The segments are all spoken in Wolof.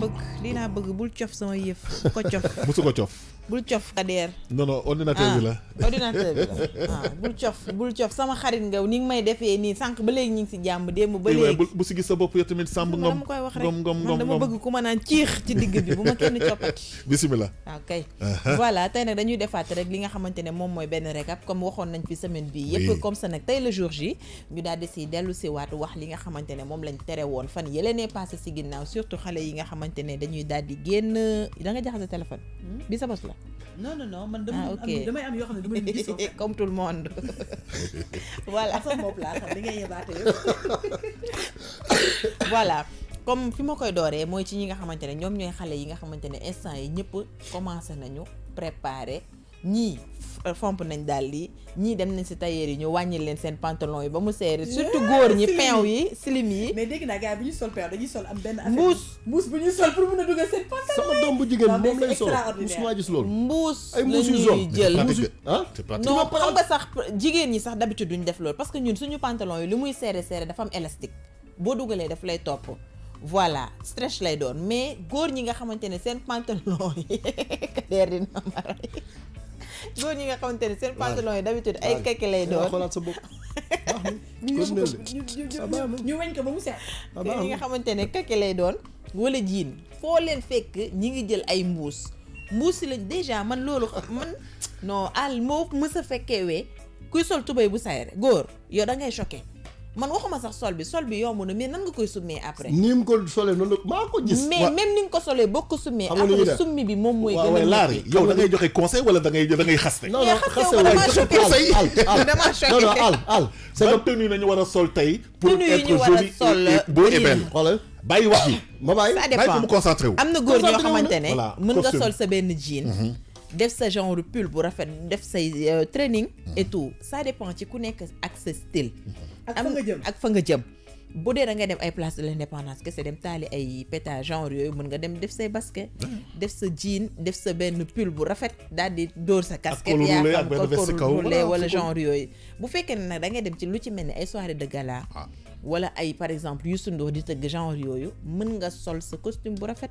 bëgg lii laa bëgg bul cof sama bu ko cof. musu ko cof. bul cof kadeer non non ordinateur bi la ah, ordinateur bi la ah, bul cof bul cof sama xarit nga ni nga may defee nii sànq ba léegi ñu ngi si jàmm démb ba léegi bu si gis sa bopp yow tamit sàmb ngom koy wax rek man dama bëgg ku ma naan ciix ci digg bi bu ma kenn coppati bisimilah uh-huh. dañuy defaat rek li nga xamante ne moom mooy benn rek récap comme waxoon nañ fi semaine bi yëpp comme ça nag tey le jour J ñu daal di si dellu si waat wax li nga xamante ne moom lañ tere woon fan yëleenee passé si ginnaaw surtout xale yi nga xamante ne dañuy daal di génn da nga jaxase téléphone hmm? bi noonu non man dama ah, damay am yoo xam ne dama leen gis comme tout le monde voilà sama li comme fi ma koy dooree mooy ci ñi nga xamante ne ñoom ñooy xale yi nga xamante ne instant yi ñëpp commencé nañu préparer ni fomp nañ daal yi ñii dem nañ si tailleur yi ñu leen pantalon yi ba mu surtout góor ñi peew yi slim yi mais dégg naa gars yi ñu sol peew dañuy sol am benn mbuus sol pour mun a dugal pantalon sama doom bu jigéen moom lay sol mbuus maa gis loolu mbuus ay mbuus hein? xam sax sax d'habitude duñ def loolu parce que ñun suñu pantalon yi lu muy seere dafa am élastique voilà stretch lay mais góor ñi nga xamante ne seen pantalon góor ñi nga xamante ne seen pantalon yi d'habitude ay keke lay doon xoolaat sa bopp ñu weñ ko ba mu set ñi nga xamante ne keke lay doon wala jiin foo leen fekk ñi ngi jël ay mbuus mbuus yi lañ déjà man loolu man non àll moo mës a fekkee wee kuy sol tubéy bu sayre góor yow da ngay choqué man waxuma sax sol bi sol bi yomb na mais nan koy summee après. ni mu ko solee noonu la maa ko gis. mais même ni nga ko solee boo ko summee. après summi bi moom mooy. gën a laar yow da ngay joxe conseil wala da ngay da ngay xaste. non non war a sol tey. pour être joli et beau et belle bàyyi wax ma bàyyi bàyyi ko mu concentré wu. am na góor ñoo xamante ne mën nga sol sa benn jean. Mhm. def sa genre pull bu rafet def say euh, training et mhm. tout ça dépend ci ku nekk ak sa style mhm. ak fa nga jëm bu dee nga dem ay place de l' indépendance dem taali def say basket def sa jean def sa pull bu rafet di sa casquette ko wala genre yooyu bu fekkee ne da dem ci de gala ah. par exemple Youssou Ndour di tëgg genre mën nga costume rafet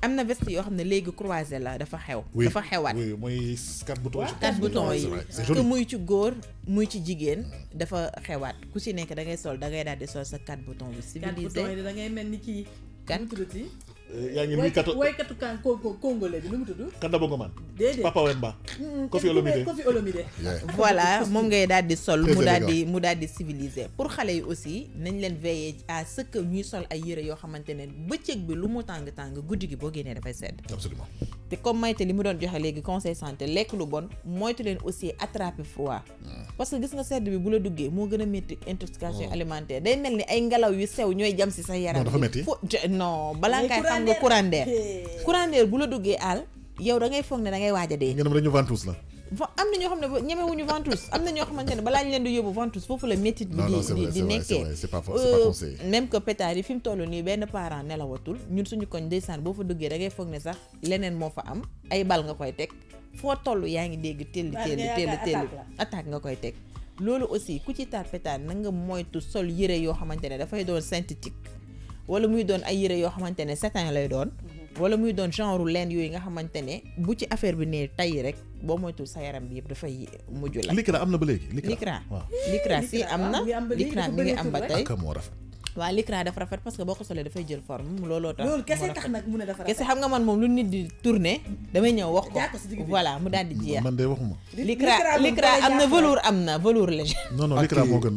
am na veste yoo xam ne léegi croisé la dafa xew. dafa xewaat oui mooy quatre boutons. quatre boutons yi que muy ci góor muy ci jigéen mm. dafa xewaat ku si nekk da ngay sol da ngay daal di sol sa quatre boutons bi si quatre boutons yi da ngay mel ni kii. Euh, yaa ngi nuyu kato waykatu kan Congo congolais bi nu mu tudd. Kanda Bongo man. déedéet Papa Wemba. Koffi Olomide voilà moom ngay daal sol. mu daal di mu daal di civilisé. pour xale yi aussi nañ leen veiller à ce que ñuy sol ay yére yoo xamante ne bëccëg bi lu mu tàng tàng guddi gi boo génnee dafay sedd. absolument. te comme Maïté li mu doon joxe léegi conseil santé lekk lu bon moytu leen aussi attraper froid. Hmm. parce que gis nga sedd bi bu la duggee moo gën a métti intoxication hmm. alimentaire day mel ni ay ngelaw yu sew ñooy jam si sa yaram. dafa métti non balaa ngay xam nga courant d'air bu la duggee àll yow da ngay foog ne da ngay waaj a dee. ngeen dañu ventouse la. am na ñoo xam ne ñemewuñu ventouse am na ñoo xamante ne balaa ñu leen di yóbbu ventouse foofu la métit bi di di nekkee euh, même que pétard yi fi mu toll nii benn parent nelawatul ñun suñu koñ ndeysaan boo fa duggee da ngay foog ne sax leneen moo fa am ay bal nga koy teg foo toll yaa ngi dégg telli telli telli telli attaque nga koy teg loolu aussi ku ci taal pétard na nga moytu sol yëre yoo xamante ne dafay doon synthétique wala muy doon ay yëre yoo xamante ne satin lay doon wala muy doon genre leen yooyu nga xamante ne bu ci affaire bi ne tay rek boo moytul sa yaram bi yëpp dafay mujj la. Likra am na ba léegi. Likra waaw Likra si am na. Likra ah, mi ngi am ba tey moo rafet. waaw Likra dafa rafet parce que boo ko solee dafay jël forme looloo tax. loolu kese tax man moom lu nit di tourné damay ñëw wax ko. voilà mu daal di jeex. man de waxuma. Likra am na velours am na velours léger. non non Likra moo gën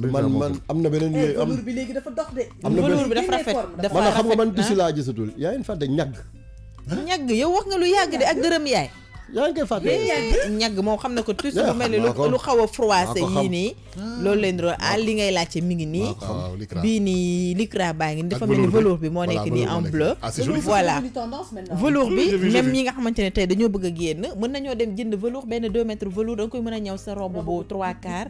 am na beneen yooyu eh, am velours de. am na velours bi dafa rafet dafa rafet man xam nga man tissu ah. laa gisatul yaa ngi fàtte ñàgg ñàgg yow wax nga lu yàgg de ak dërëm yaay. yaa ngi koy moom xam na ko tout lu mel ni lu xaw a froissé yii nii loolu leen doon ah li ngay laajte mi ngi nii bii nii Licra baa ngi dafa mel ni velours bi moo nekk nii en bleu voilà velours bi ah, même ñi nga xamante ne tey dañoo bëgg a génn mën nañoo dem jënd velours benn deux mètres velours da nga koy mën a ñëw sa robe bu trois quart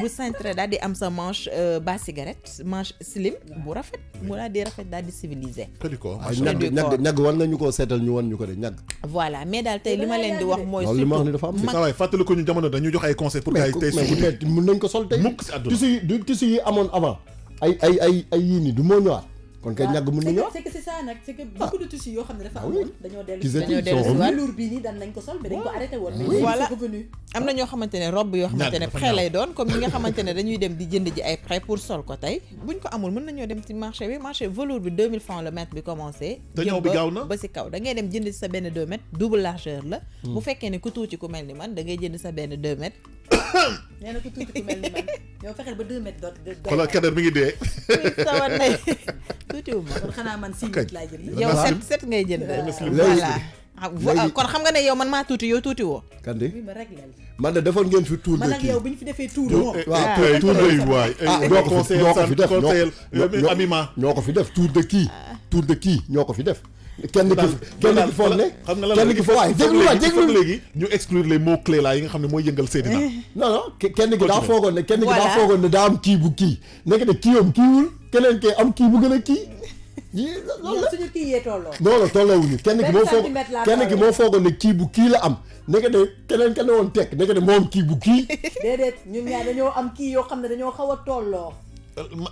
bu cintré daal di am sa manche euh, bas cigarette manche slim bu rafet mu daal di rafet daal di civilisé ñagg ñagg war nañu ko seetal ñu wan ñu ko de ñagg leen moo wax mooy surtout ni dafa am saway fàttali ko ñu jamono dañu jox ay conseil pour gars yi tey mais mën nañ ko sol tey mukk si àdduna tissu yi du tissu yi amoon avant ay ay ay ay yii nii du moo ñëwaat kon kay ñàgg ñu nañoo c'est que c'est ça nak c'est que beaucoup de tissus yoo xam ne dafa ah amoon dañoo dellu dañoo dellu lour bi ni dañ nañ ko sol mais dañ ko arrêté woon mais ah voilà am na ñoo xamante robe yo xamantene ne prêt lay doon comme ñi nga xamantene dañuy dem di jënd ji ay prêt pour sol ko tay mm. buñ ko amul mën nañu dem ci marché bi marché velours bi 2000 francs le mètre bi commencé te bi gaaw na ba si kaw da ngay dem jënd sa benn 2 mètres double largeur la mm. bu fekkee ne ku tuuti ku mel ni man da ngay jënd sa benn 2 mètres nee na ko tuuti ba deux mètres doot. xoolal kadar mi dee. sawar kon xanaa man six mètres laa jël. yow set set ngay jël. voilà ah, kon xam nga ne yow man maa tuuti yow tuuti woo. kandi man de defoon ngeen fi tour de kii man ak ñu fi defee tour moom. Eh, waaw eh, eh, tour de waay. Ah, ñoo ñoo ko fi def ñoo ko fi tour de kii. Ah. kii ñoo ko fi def. kenn ki kenn ki foog ne xam nga lan kenn ki foog waaye déglu waay déglu léegi ñu exclure les mots clés là yi nga xam ne mooy yëngal Seydina eh. non non kenn ki daa foogoon ne kenn ki daa foogoon ne daa am kii bu kii nekk ne kii am kiiwul keneen kee am kii bu gën a kii loolu la suñu kii yee tolloo non non tolloowuñu kenn ki moo foog kenn ki moo foogoon ne kii bu kii la am nekk ne keneen kenn woon tekk nekk ne moo am bu kii déedéet ñun ñaar dañoo am kii yoo xam ne dañoo xaw a tolloo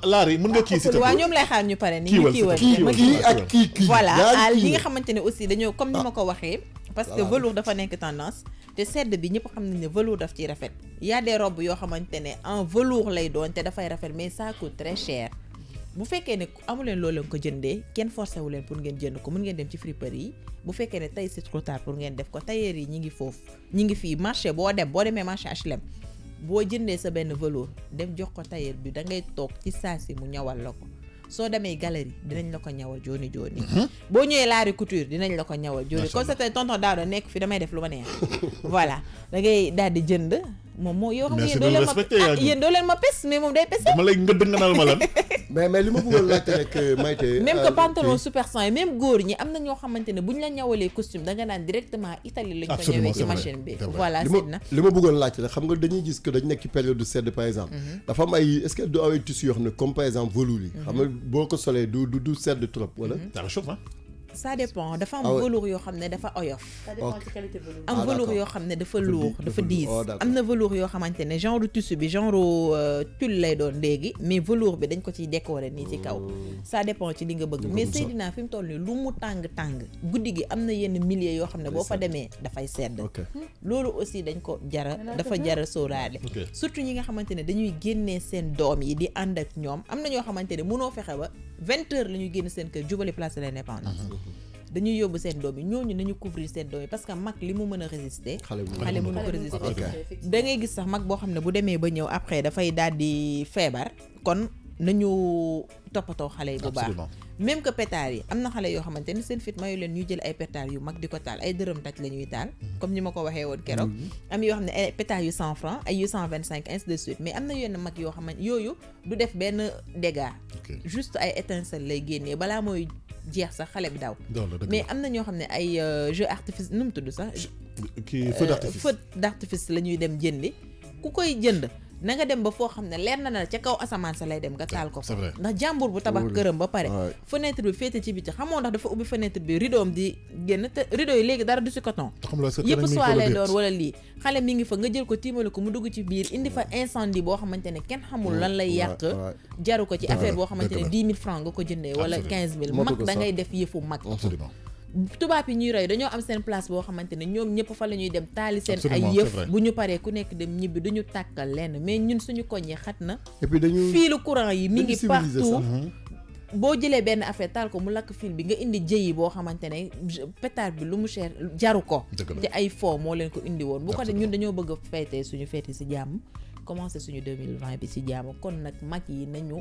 laar yi mën nga kii si ah, waaw ñoom lay xaar ñu pare ni ñu kii ak kii kii voilà ah, li nga xamante ne aussi dañoo comme ni ma ah. ko waxee parce que velours dafa nekk tendance te sedd bi ñëpp xam nañ ne velours daf ciy rafet y a yoo xamante ne en velours lay doon te dafay rafet mais ça coûte très bu fekkee ne amuleen loolu leen ko jënde kenn forcé wu leen pour ngeen jënd ko mën ngeen dem ci friperie yi bu fekkee ne tey sit trop tard pour ngeen def ko tailleur yi ñu ngi foofu ñi ngi fii marché boo dem boo demee marché HLM boo jëndee sa benn velours dem jox ko tailleur bi da ngay toog ci saa si mu ñawal la ko soo demee galerie dinañ la ko ñawal jooni jooni mhm. boo ñëwee laari couture dinañ la ko ñawal jooni comme ça tey tonton Daouda nekk fi damay def lu ma neex voilà da ngay daal di jënd moom moo yoo xam ne ah, yéen doo leen ma pes mais moom day pes ma lay ngëdd nga naan ma lan mais mais li ma bëggoon laajte rek euh, Maïté. même que euh, pantalon super sang yi même góor ñi am na ñoo xamante ne bu ñu la ñawalee costume da nga naan directement Italie lañ ko ñëwee ci machine bi. voilà seen na li ma bëggoon laajte rek xam nga dañuy gis que dañ nekk ci période de sedd par exemple. Mhm. dafa am ay est-ce que du ay tissu yoo xam ne comme par exemple velours li mhm. xam nga boo ko solee du du du sedd trop wala. Mhm. ça réchauffe ah ça dépend dafa am ah velours yo xam dafa oyof. am ah, velours yo xam dafa lourd dafa diis. Oh, amna na velours yoo xamante ne genre tissu bi genre euh, tulle lay doon léegi mais velours bi dañ ko ci décorer ni ci kaw. Oh. ça dépend ci li nga bëgg mais Seydina fi mu toll lu mu tang tang guddi gi amna yenn milliers yo xam bo fa démé da fay sédd lolu aussi dañ ko jara dafa jara sóoraale. surtout ñi nga xamantene dañuy génné seen doom yi di and ak ñom amna ño xamantene mëno fexé ba 20h la ñuy génn seen kër jubali place de l'Indépendance mhm dañuy yóbbu seen doom ñooñu nañu couvrir seen doom parce que mag li mu a résister xale mënu ko résister da ngay gis sax mag boo xam ne bu ba ñëw après di kon nañu même que pétard yi am na xale yoo xamante fit mayu leen ñu jël ay pétard yu mag di taal ay dërëm taj la taal mm-hmm. comme ni ko am francs ay yu 125 ainsi de suite mais am na yenn mag yoo xamante du def benn dégât juste ay étincelles. lay jeex sa xale bi daw. mais am na ñoo xam ne ay euh, jeu artifice nu mu tudd sax. kii feu d'artifice euh, feu d'artifice la ñuy dem jëndi ku koy jënd. na nga dem ba foo xam ne leer na na ca kaw asamaan sa lay dem nga taal ko ko ndax jàmbur bu tabax këram ba pare fenêtre bi féete ci bi biti xamoo ndax dafa ubbi fenêtre bi rideau am di génn te rideau yi léegi dara du si coton yëpp soit lay doon wala lii xale mi ngi fa nga jël ko tiimali ko mu dugg ci biir indi fa incendie boo xamante ne kenn xamul lan lay yàq jaru ko ci affaire boo xamante ne dix mille francs nga ko jëndee wala quinze mille mag da ngay def yëfu mag tubaab yi ñuy roy dañoo am seen place boo xamante ne ñoom ñëpp fa lañuy dem taali seen ay yëf bu ñu paree ku nekk dem ñibbi duñu tàkkal lenn mais ñun suñu koñ yi xat na fii lu courant yi mi ngi partout mhm. boo jëlee benn affaire taal ko mu lakk fil bi nga indi jëyi boo xamante ne pétard bi lu mu cher jaru ko ci ay foo moo leen ko indi woon bu ko de ñun dañoo bëgg a feetee suñu feeti si jàmm commencé suñu 2020 bi si jàmm kon nag mag yi nañu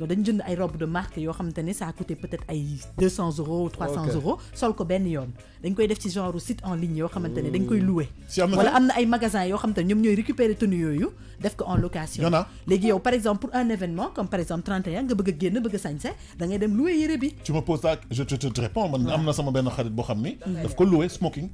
yow dañ jënd ay robe de marque yoo xamante ne ça a coûté peut-être ay 200 euros 300 euros sol ko benn yoon dañ koy def ci genre site en ligne yoo xamante ne dañ koy mmh. louer wala am na ay magasins yoo xamante ne ñoom ñooy récupérer tenue yooyu def ko en location léegi yow par exemple pour un événement comme par exemple 31 nga bëgg a génn bëgg a sañse da ngay dem louer yére bi tu me poses ça je te te réponds man am na sama benn xarit boo xam ni daf ko louer smoking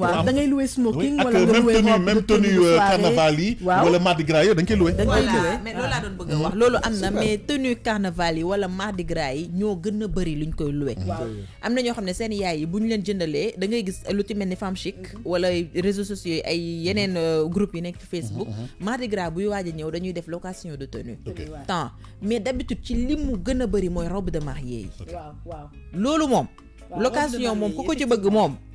waaw da ngay louer smoking wala nga louer tenue même tenue euh, carnaval yi wala Mardi Gras yooyu dañ koy louer Voilà, louer mais loolu laa doon bëgg a wax loolu am na mais tenue carnaval yi wala mardi gras yi ñoo gën a bëri luñ koy loué am na ñoo xam ne seen yaay yi bu ñu leen jëndalee da ngay gis lu ci mel ni femme chic mm-hmm. wala réseaux sociaux yi ay yeneen mm-hmm. euh, groupe yi nekk ci Facebook mm-hmm. mardi gras buy waaj a ñëw dañuy def location de tenue temps mais d'habitude ci li mu gën a mooy robe de mariée yi waaw waaw loolu moom location moom ku ko ci bëgg moom